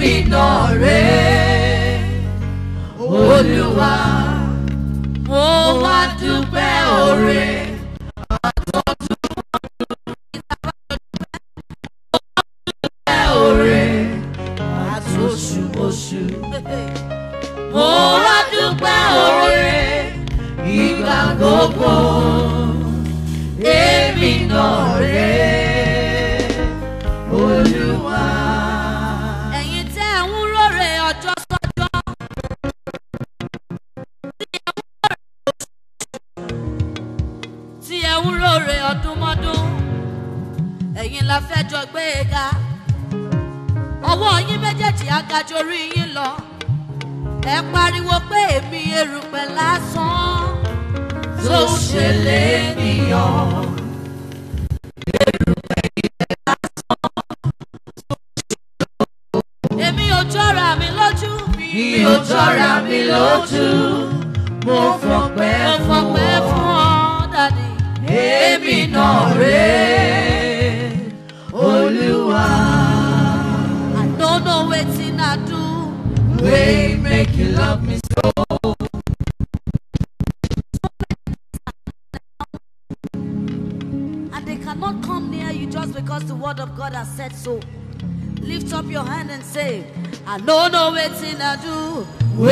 tèmi náà rèé olúwa.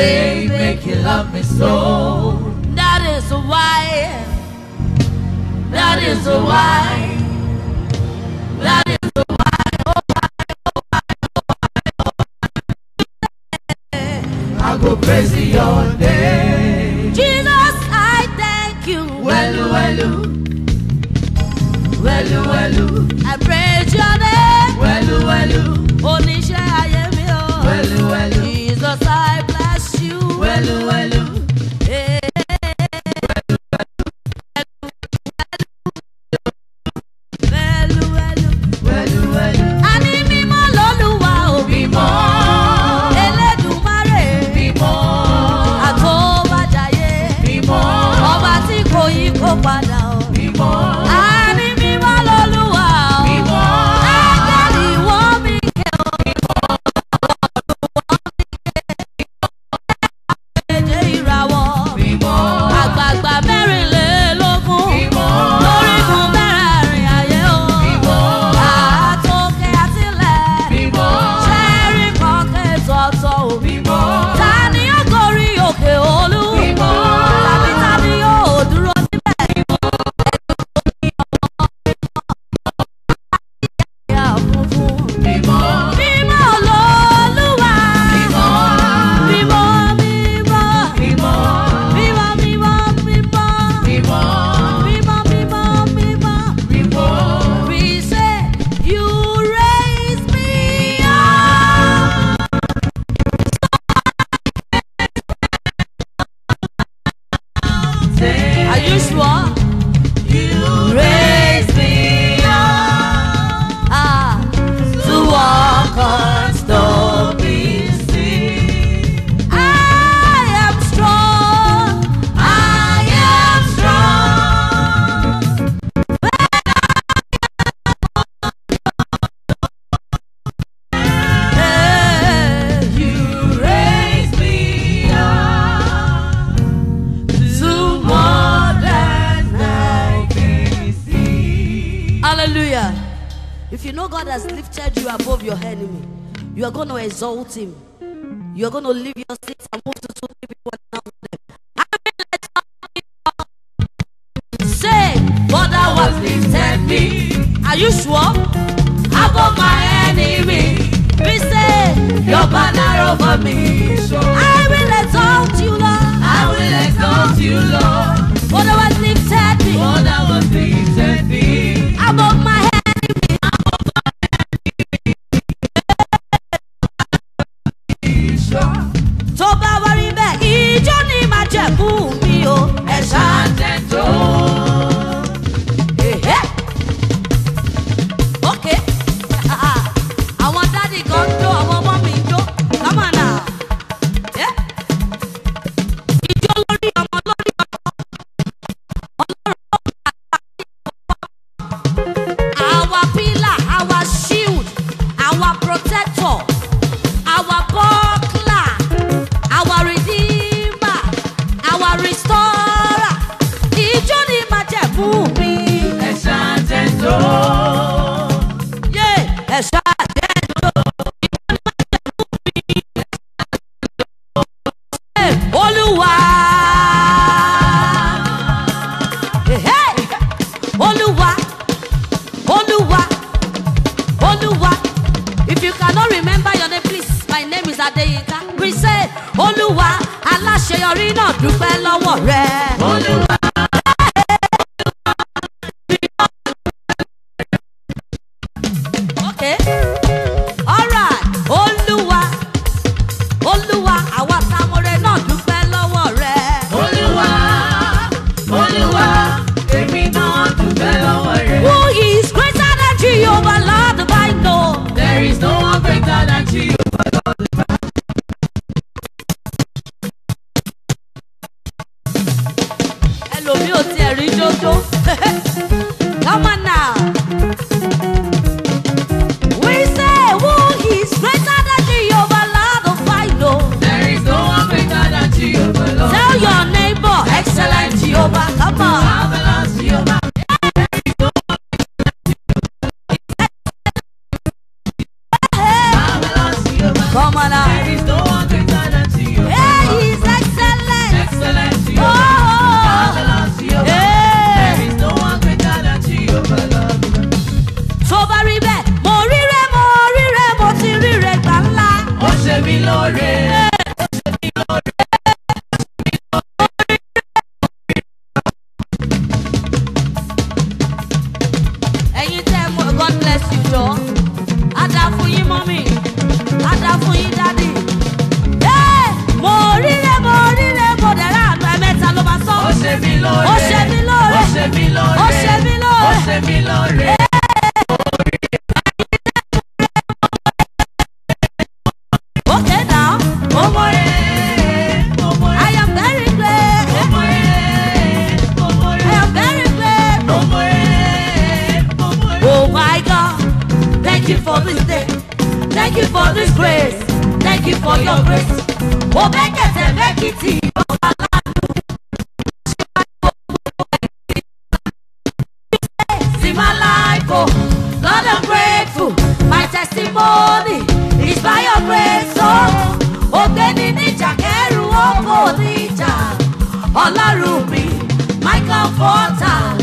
way make you love me so. That is why. That is why. That is why. Oh, oh, oh, I go crazy your day. Jesus, I thank you. Welu welu. Welu welu. I praise your name. Welu welu. Oníṣẹ́ ayé. exalt him. You're going to leave your seats and move to two people now them. Say, Father was lifted me. Are you sure? Above my enemy. We say, Your banner over me. ọlọ́run mi michael porter.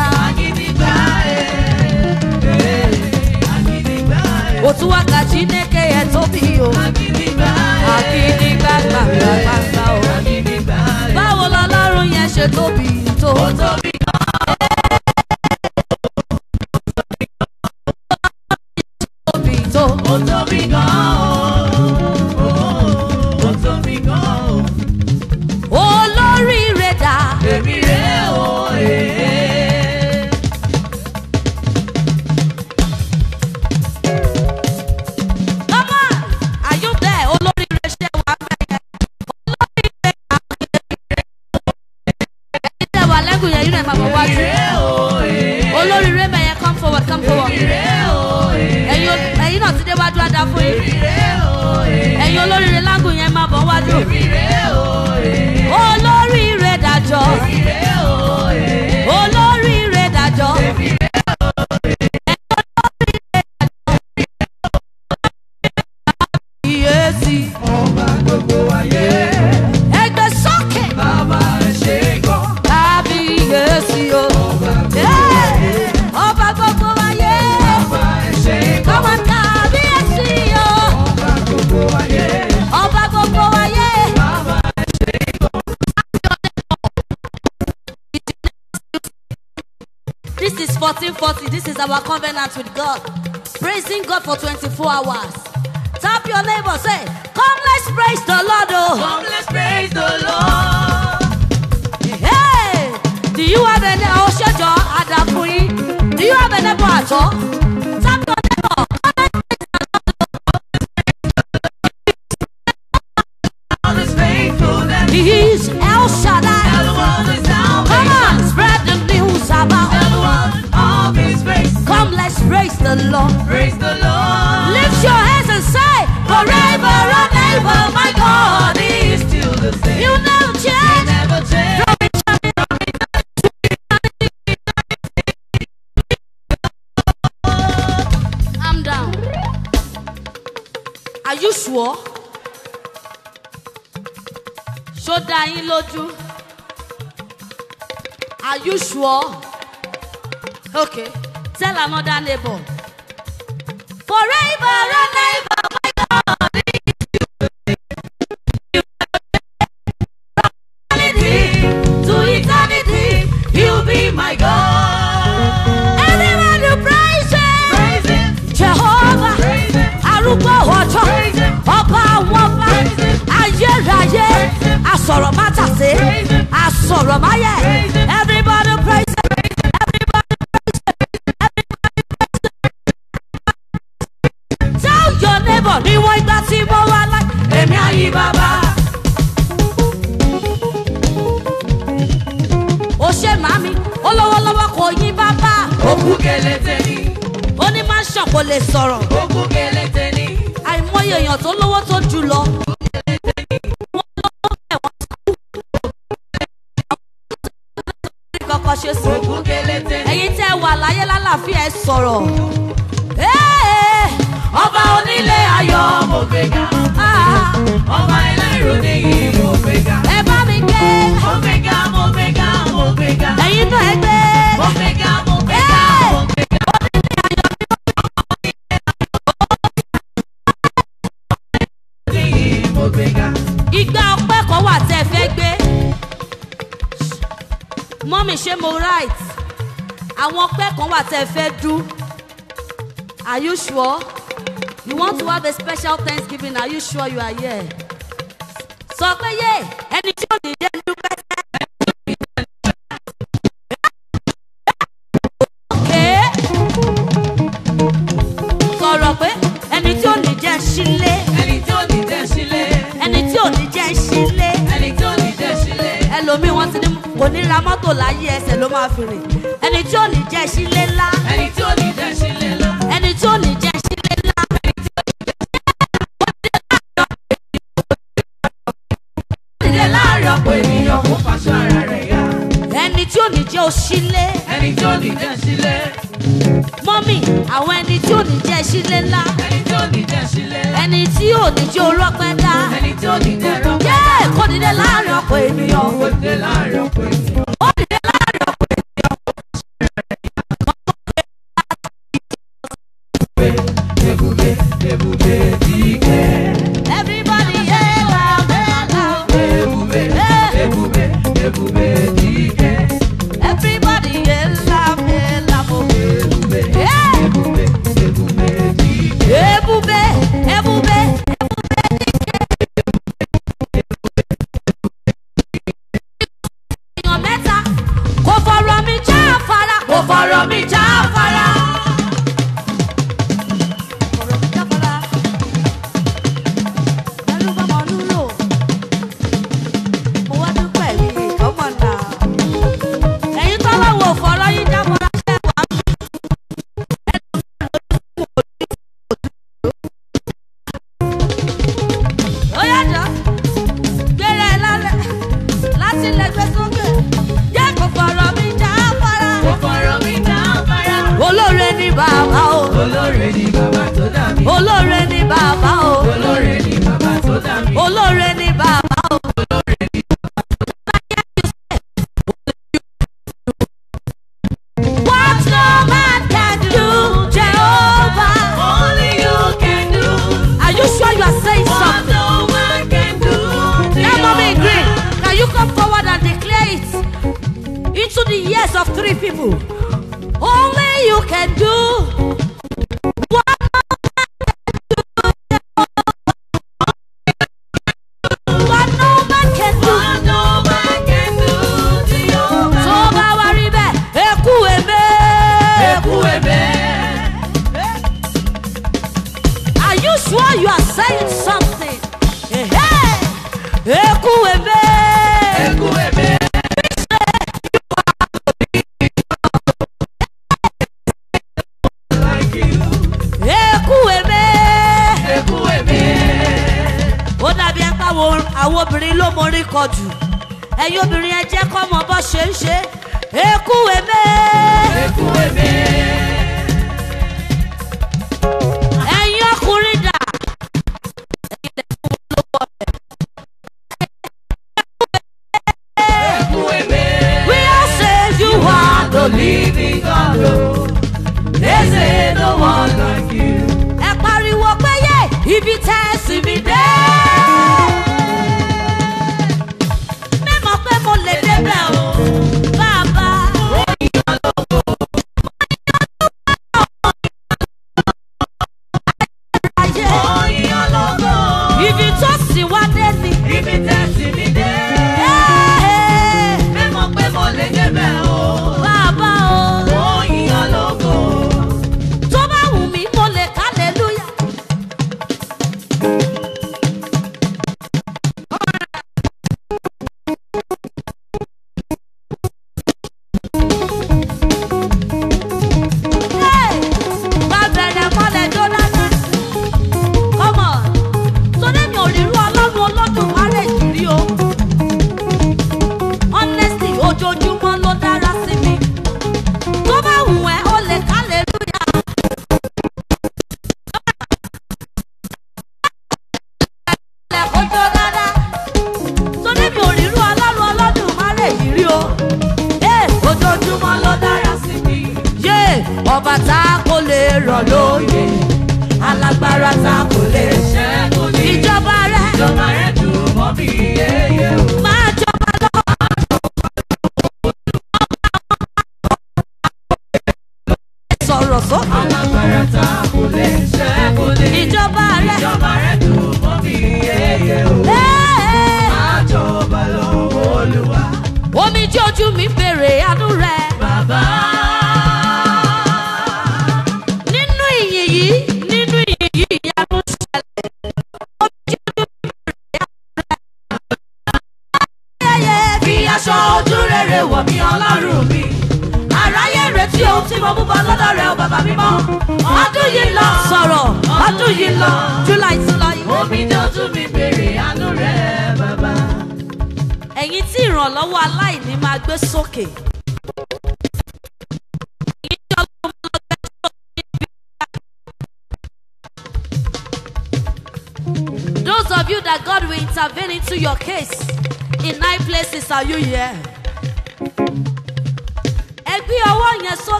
otua ka chineke etobi o akínigba gbàgbà pàṣà o báwo lọlọ́run yẹn ṣe tóbi to. our covenant with God. Praising God for 24 hours. Tap your neighbor, say, Come, let's praise the Lord. Oh. Come, let's praise the Lord. Hey, do you have any Oshajo Adapui? Do you have any neighbor at dá yín lójú are you sure okay tell another neighbor forever and ever. Fire! sure? You want to have a special Thanksgiving? Are you sure you are here? So pé yé ẹni tí ò ní yé ń dúpẹ́ sẹ́. Sọ̀rọ̀ pé ẹni tí ò ní jẹ́ sílé. Ẹni tí ò ní jẹ́ sílé. Ẹni tí ò ní jẹ́ láyé ẹsẹ̀ ló máa fi rìn. Ẹni tí ò ní jẹ́ sílé ńlá. Ẹni tí ò ní jẹ́ sílé ńlá. ò sílé. ẹni tí ò ní jẹ́ sílé. mọ́mì àwọn ẹni tí ò ní jẹ́ sílé ńlá. ẹni tí ò ní jẹ́ sílé. ẹni tí ò ní jẹ́ olọ́pẹ́ ẹni tí ò ní jẹ́ olọ́pẹ́ dá. jẹ́ èkó nílé láàrin ọ̀pọ̀ ènìyàn. èkó nílé láàrin ọ̀pọ̀ ènìyàn.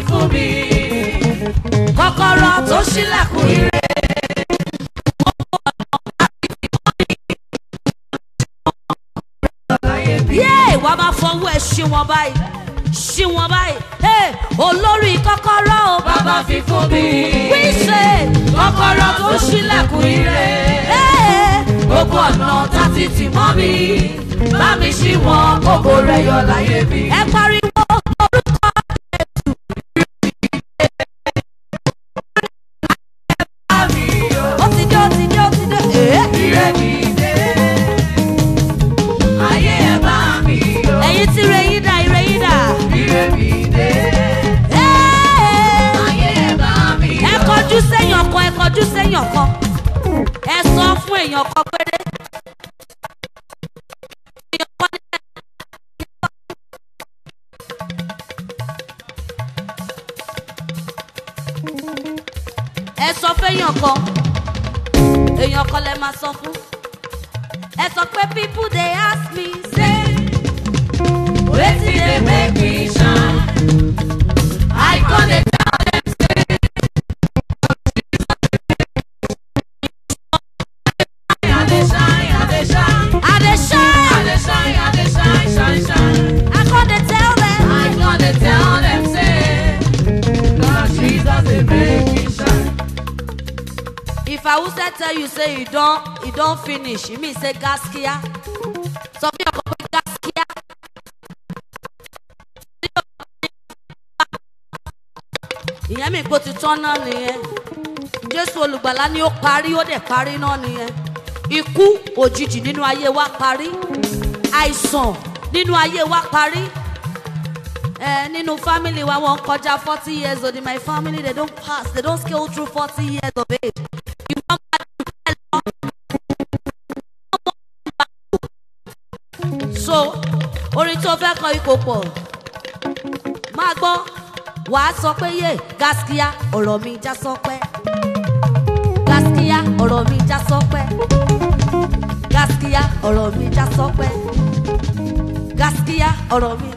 ṣí fún mi kọ́kọ́rọ́ tó ṣílẹ̀kùn ire. wàá máa fọwọ́ ẹ ṣí wọn báyìí ṣí wọn báyìí olórí kọ́kọ́rọ́ o. bàbá fi fún mi. wíṣẹ kọ́kọ́rọ́ tó ṣílẹ̀kùn ire. gbogbo ọ̀nà tá ti tì mọ́ mi bá mi ṣí wọn kókó rẹ̀ yọ láyé mi. ẹ parí. if I hausa tell you say you don finish You mean say gaskiya some people go put gaskiya ìyẹn mi kò ti tán náà nìyẹn jésù olùgbàlà ni ó parí ó dẹ̀ parí náà nìyẹn ikú òjijì nínú ayé wa parí àìsàn nínú ayé wa parí ẹ eh, nínú family wa wọn kọjá forty years old in my family they don't pass they don't scale through forty years of age. so orin tó fẹ́ kọ ikò pọ̀ máa gbọ́ wàá sọ pé yé gaskia ọ̀rọ̀ mi já sọpẹ́ gaskiya ọ̀rọ̀ mi já sọpẹ́ gaskiya ọ̀rọ̀ mi já sọpẹ́ gaskiya ọ̀rọ̀ mi.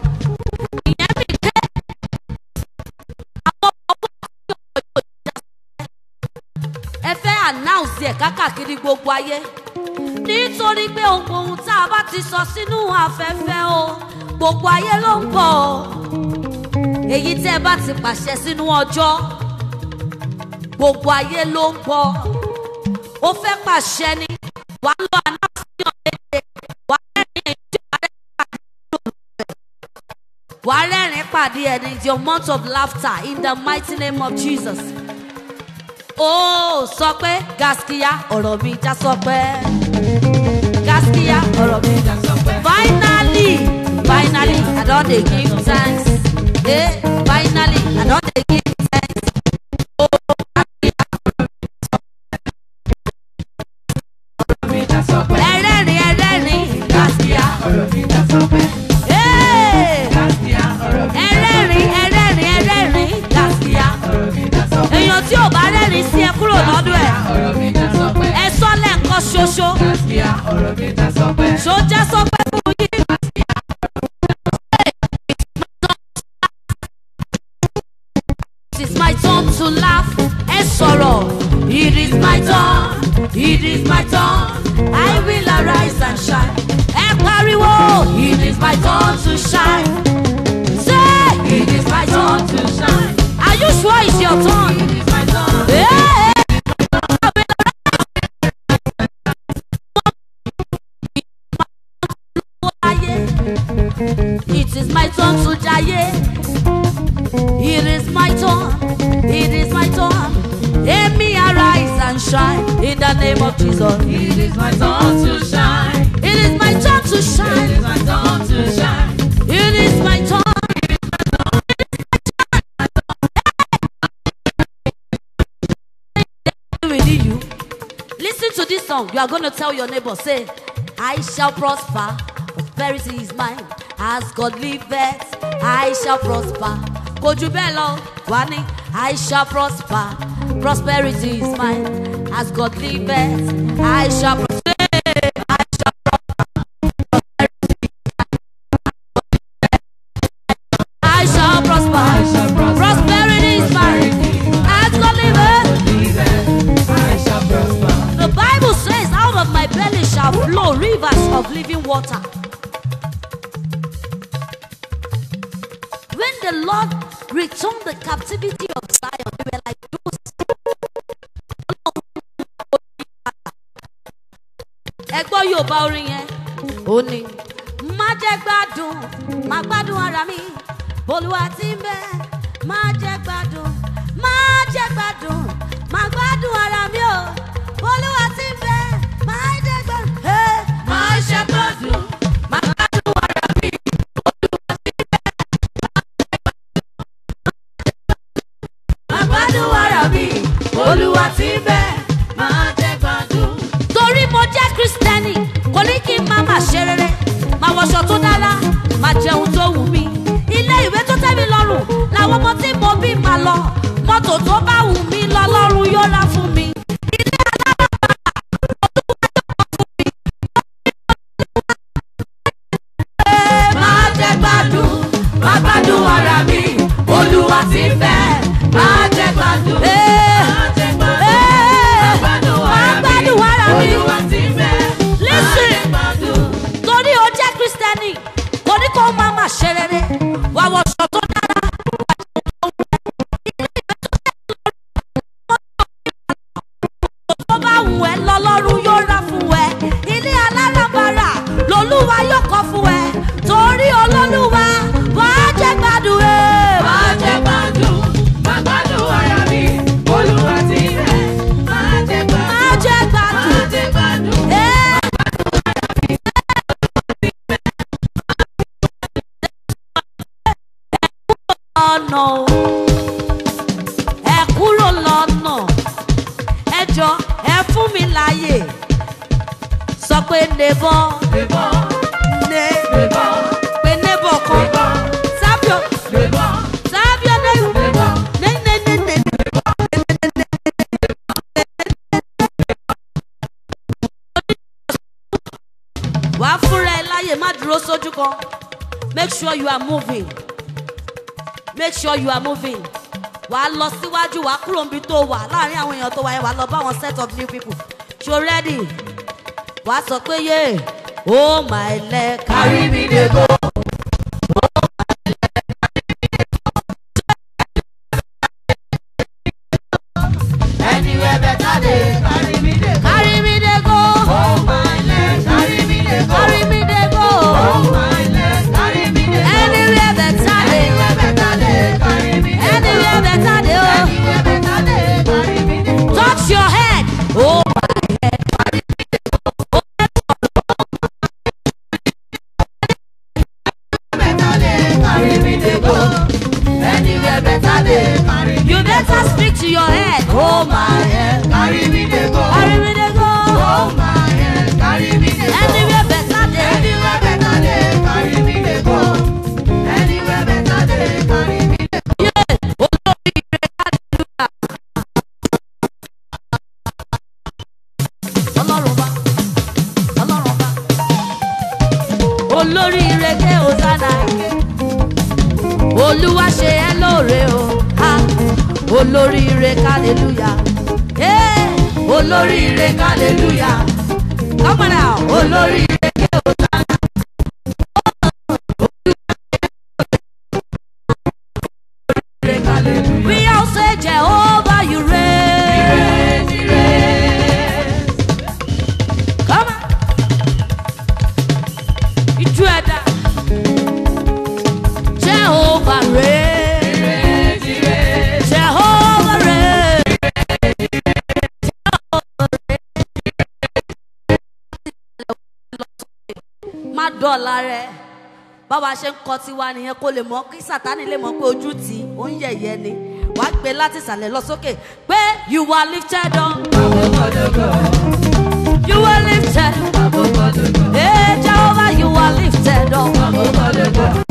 ànáùsì ẹ̀ kákàkiri gbogbo ayé nítorí pé òpò ohun tá a bá ti sọ sínú afẹ́fẹ́ o gbogbo ayé ló ń bọ̀ o èyí tẹ́ ẹ bá ti pàṣẹ sínú ọjọ́ gbogbo ayé ló ń bọ̀ ó fẹ́ pàṣẹ ni wàá lọ ànáfíàn léde wàá rẹ́rìn ẹni tí wàá rẹ́rìn pàdé ẹni tí wàá rẹ́rìn pàdé ẹni your month of laughter in the mighty name of Jesus ó sọ pé gaskiya ọ̀rọ̀ mi já sọ pé gaskiya ọ̀rọ̀ mi já sọ pé. finally finally i don dey give thanks eh finally i don. are going to tell your neighbor, say, I shall prosper, prosperity is mine. As God liveth, I shall prosper. Kojubelo, jù I shall prosper, prosperity is mine. As God liveth, I shall prosper. Abadu tó wáyé wà lọ bá wọn set up new people ṣo ready wàá sọ pé yé oh my leg carry me dey go. dọ̀la rẹ báwa ṣe ń kọ tiwa nìyẹn kó lè mọ kí sátani lè mọ pé ojú tì ó ń yẹ̀yẹ́ ni wàá gbé láti ìsàlẹ̀ lọ sókè pé you were lifted up. you were lifted. hey Jehovah you were lifted up.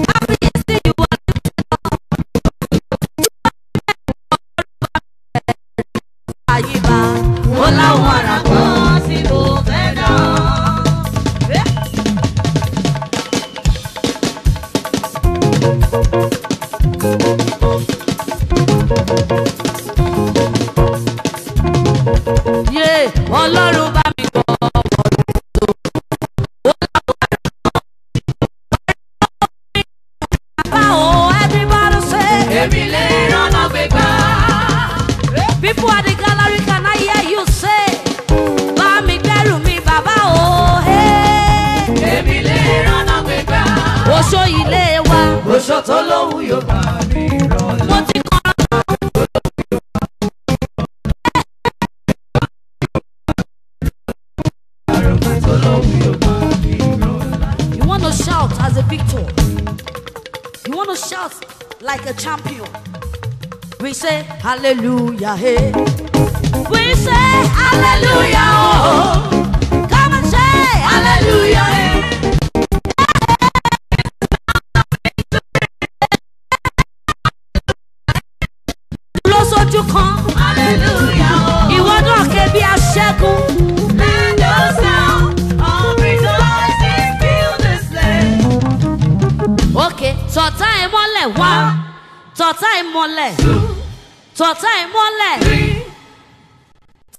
tọ̀tá ẹ̀ mọ́lẹ̀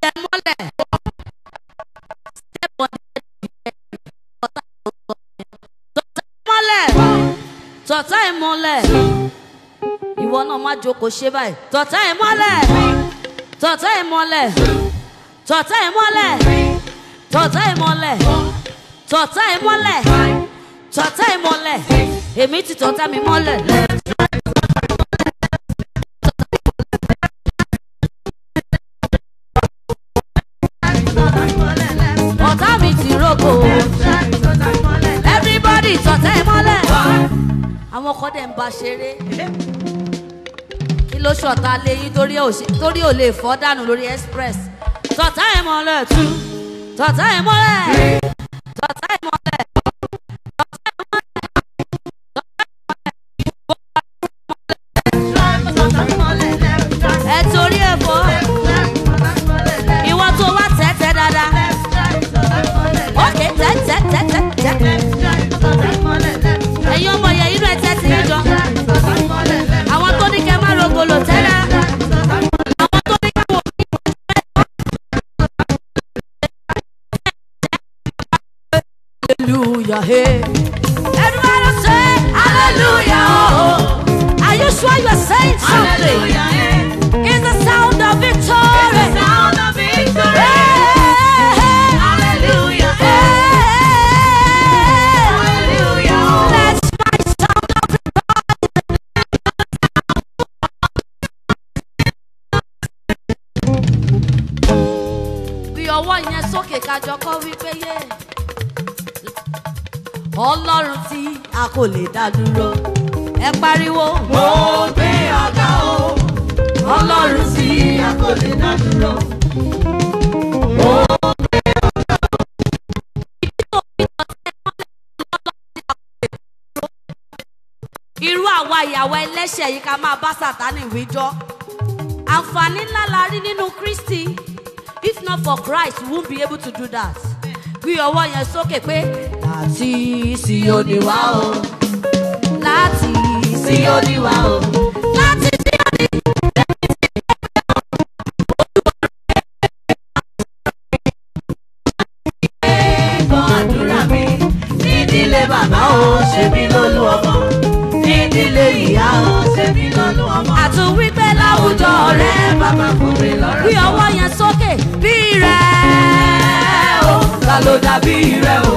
tẹ̀ mọ́lẹ̀ tẹ̀bọ̀ tọ̀tá ẹ̀ mọ́lẹ̀ tọ̀tá ẹ̀ mọ́lẹ̀ ìwọ náà má jókòó ṣe báyìí tọ̀tá ẹ̀ mọ́lẹ̀ tọ̀tá ẹ̀ mọ́lẹ̀ tọ̀tá ẹ̀ mọ́lẹ̀ tọ̀tá ẹ̀ mọ́lẹ̀ tọ̀tá ẹ̀ mọ́lẹ̀ tọ̀tá ẹ̀ mọ́lẹ̀ èmi ti tọ̀tá mi mọ́lẹ̀ lẹ́jọ́. bá ṣeré kí ló ṣọ̀tá léyìn torí ò lè fọ́ dànù lórí express tọ̀tá ẹ̀ mọ́lẹ̀ tú tọ̀tá ẹ̀ mọ́lẹ̀ tọ̀tá máa bá sàtánì wíjọ́ àǹfààní ńlá la rí nínú Kristi if not for Christ we won't be able to do that gbé ọwọ́ yẹn sókè pé láti Síónì wá o láti Síónì wá o. nílé ìyá o ṣe mí lọ́nu ọmọ. àtún wípé láwùjọ rẹ bàbá fún mi lọ́rọ̀. bí ọwọ́ yẹn sókè bí rẹ̀ o. ta ló dàbí rẹ̀ o.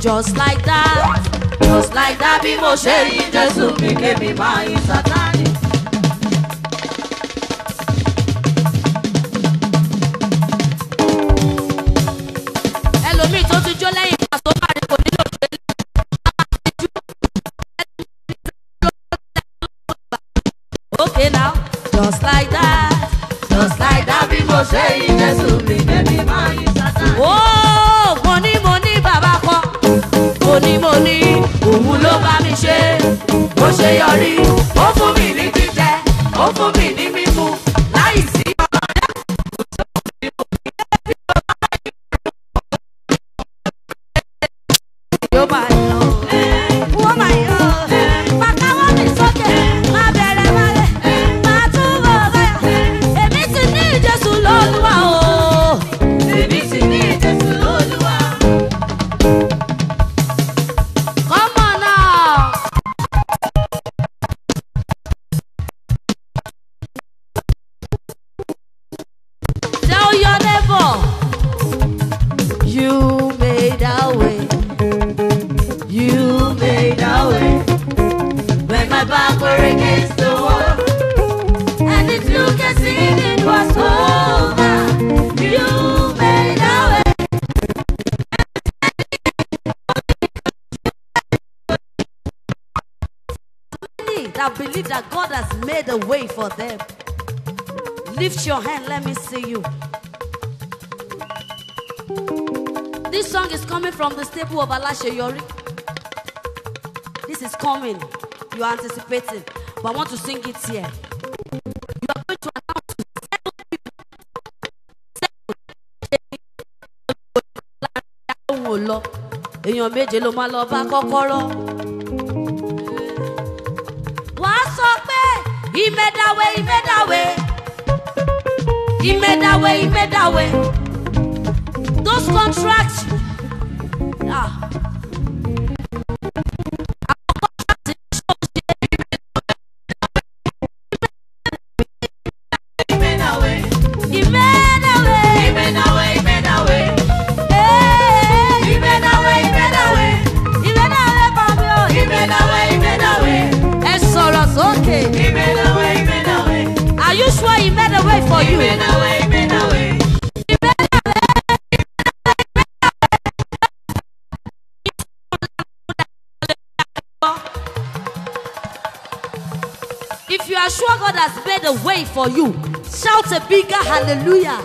just like that just like that be mo ṣe rí Jésù mi kébì máa yí I believe that God has made a way for them. Lift your hand, let me see you. This song is coming from the staple of Alasha Yori. This is coming. You are anticipating. But I want to sing it here. You are going to announce seven people. Seven. Èèyàn méje ló máa lọ bá kọ́kọ́rọ́. imedawe imedawe imedawe imedawe those contracts Hallelujah.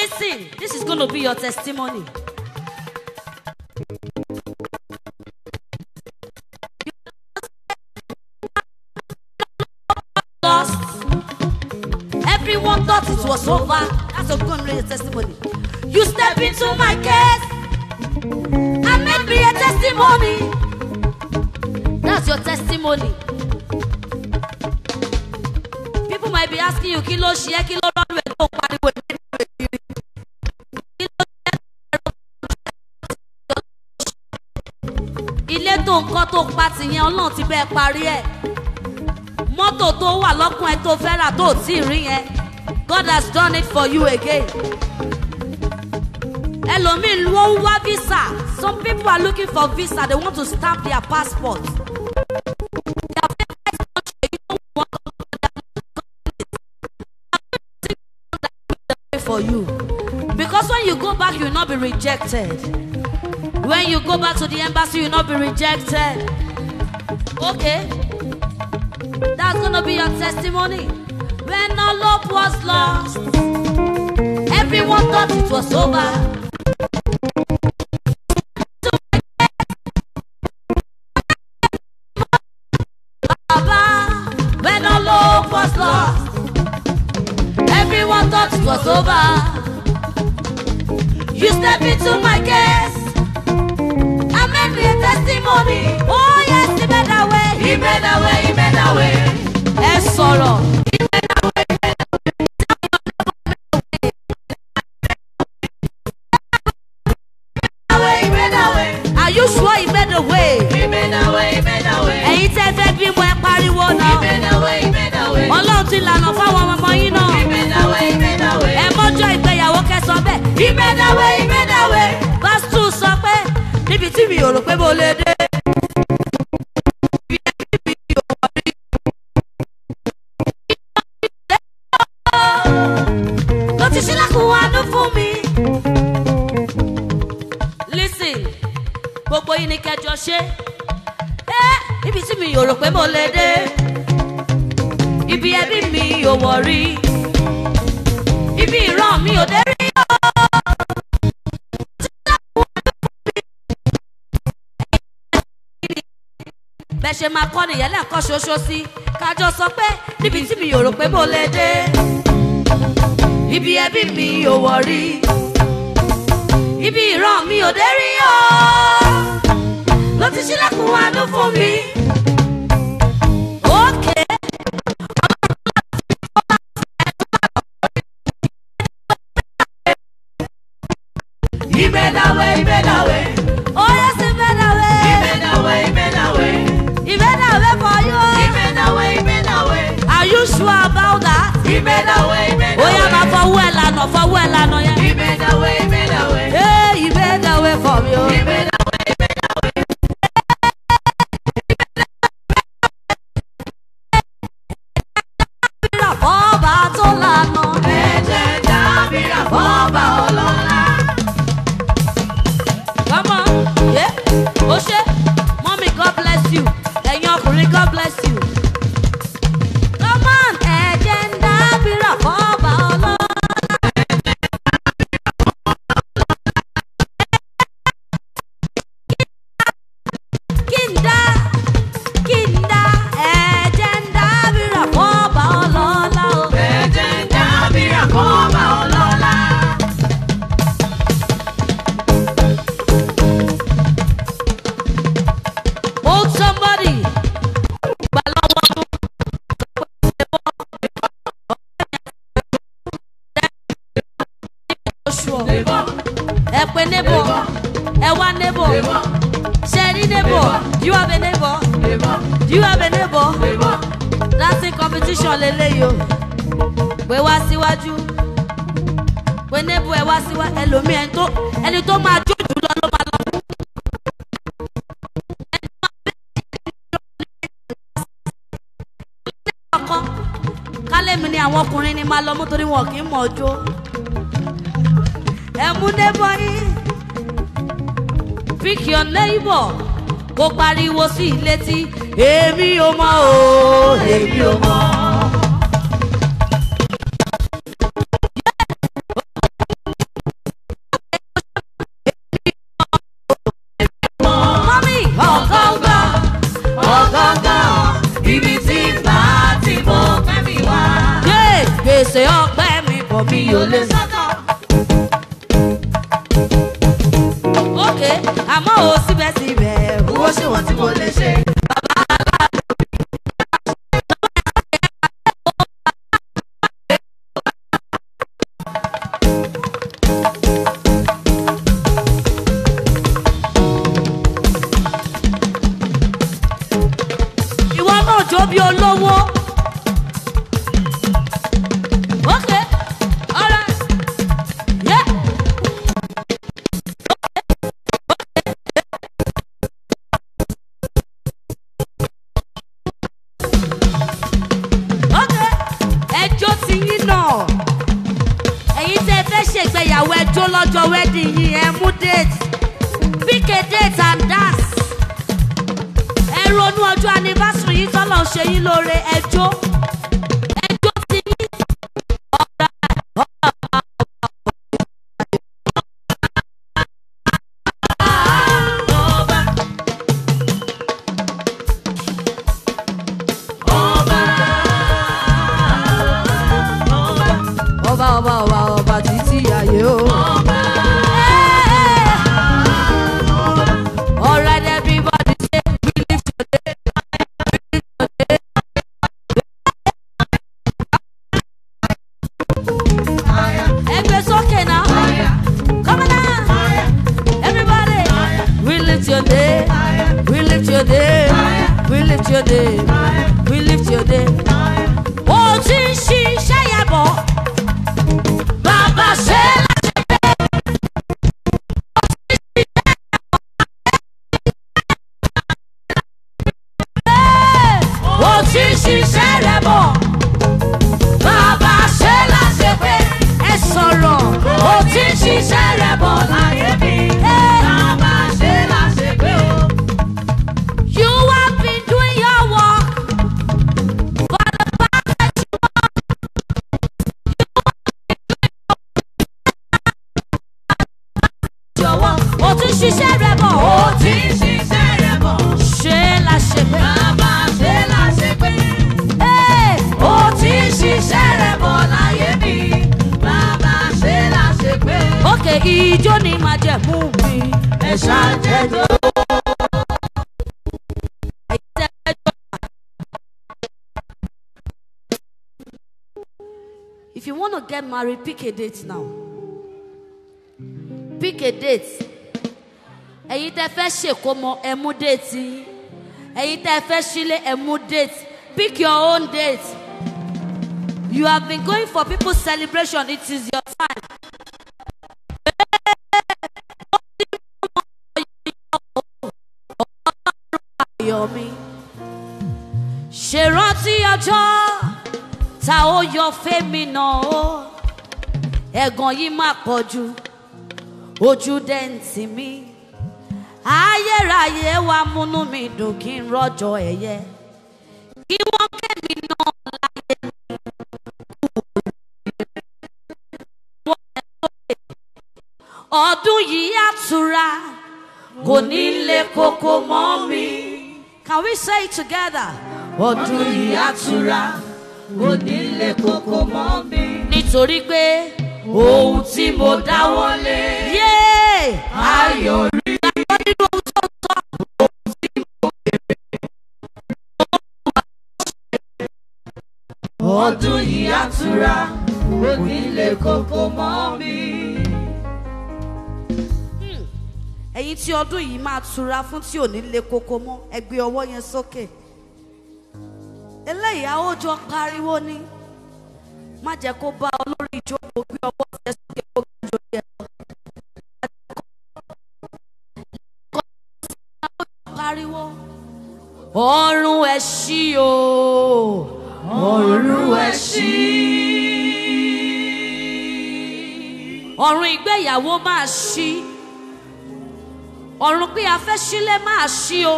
Listen, this is going to be your testimony. Lost. Everyone thought it was over. That's a good testimony. You step into my case I make me a testimony. That's your testimony. People might be asking you, kilo ló kilo é, kí ló rọ́ọ̀lù ẹ̀ tó pariwo ẹ̀ nínú ìrírí. Kí ló tó nǹkan tó pa Ọlọ́run ti bẹ́ẹ̀ parí ẹ̀. Mọ́tò tó wà lọ́kùn ẹ tó fẹ́ rà tó tí ì rí yẹn. God has done it for you again. Ẹlòmíì ló ń wá visa. Some people are looking for visa. They want to stamp their passport. rejected. When you go back to the embassy, you'll not be rejected. Okay. That's gonna be your testimony. When all hope was lost, everyone thought it was over. He made Ẹ sọ̀rọ̀. away, been away. lèmi ni àwọn ọkùnrin ni máa lọ mú torí wọn kì í mọ̀ ọjọ́ ẹ mú neighbor yín pick your neighbor kó pariwo sí i létí èmi ò mọ̀ o èmi ò mọ̀. ijó ni màjẹ̀mú mi. ẹ ṣàjẹjọ. If you want to get married, pick a date now. Pick a date. Ẹ̀yin tẹ́ fẹ́ ṣèkómọ ẹ mú déètì yín. Ẹ̀yin tẹ́ ṣílé ẹ déètì. Pick your own date. You have been going for people's celebration. It is your time. ọjọ́ tá ó yọ fẹ́mi náà ẹ̀gàn yìí má pọ̀ jù ojú dẹ́ǹtì mi ayérayé wa múnú mi dùn kí n rọ́jọ́ ẹ̀yẹ kí wọ́n kẹ́mi náà láyé mi. ọdún yìí àtura kò ní lè koko mọ́ mi. Can we say it together? ọdún yìí àtura onílé kókó mọ́ mi. nítorí pé ohun tí mo dáwọ́ lé ayọ̀ rí. ọdún yìí àtura onílé kókó mọ́ mi. Hmm. ẹ̀yin tí ọdún yìí máa tura fún tí ò ní lè kókó mọ́ ẹ gbé ọwọ́ yẹn sókè. Okay eléyìí àwòjọ pariwo ni má jẹ́ kó bá ọ lórí ìjókòó gbé ọwọ́ rẹ sókè kó ga jòlè ẹ lọ. pariwo. ọ̀run ẹ̀ ṣí o ọ̀run ẹ̀ ṣí. ọ̀run ìgbéyàwó máa ṣí ọ̀run pé a fẹ́ sílé máa ṣí o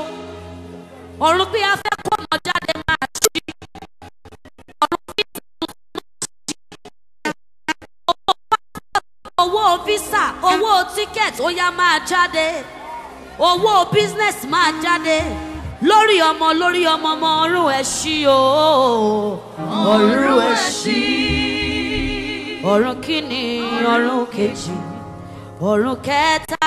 ọ̀run pé a fẹ́ kó ọmọdé. ticket ó yá máa jáde owó business máa jáde lórí ọmọ lórí ọmọ ọmọ ọrùn ẹ ṣí o ọrùn ẹ ṣí ọrùn kìíní ọrùn kejì ọrùn kẹta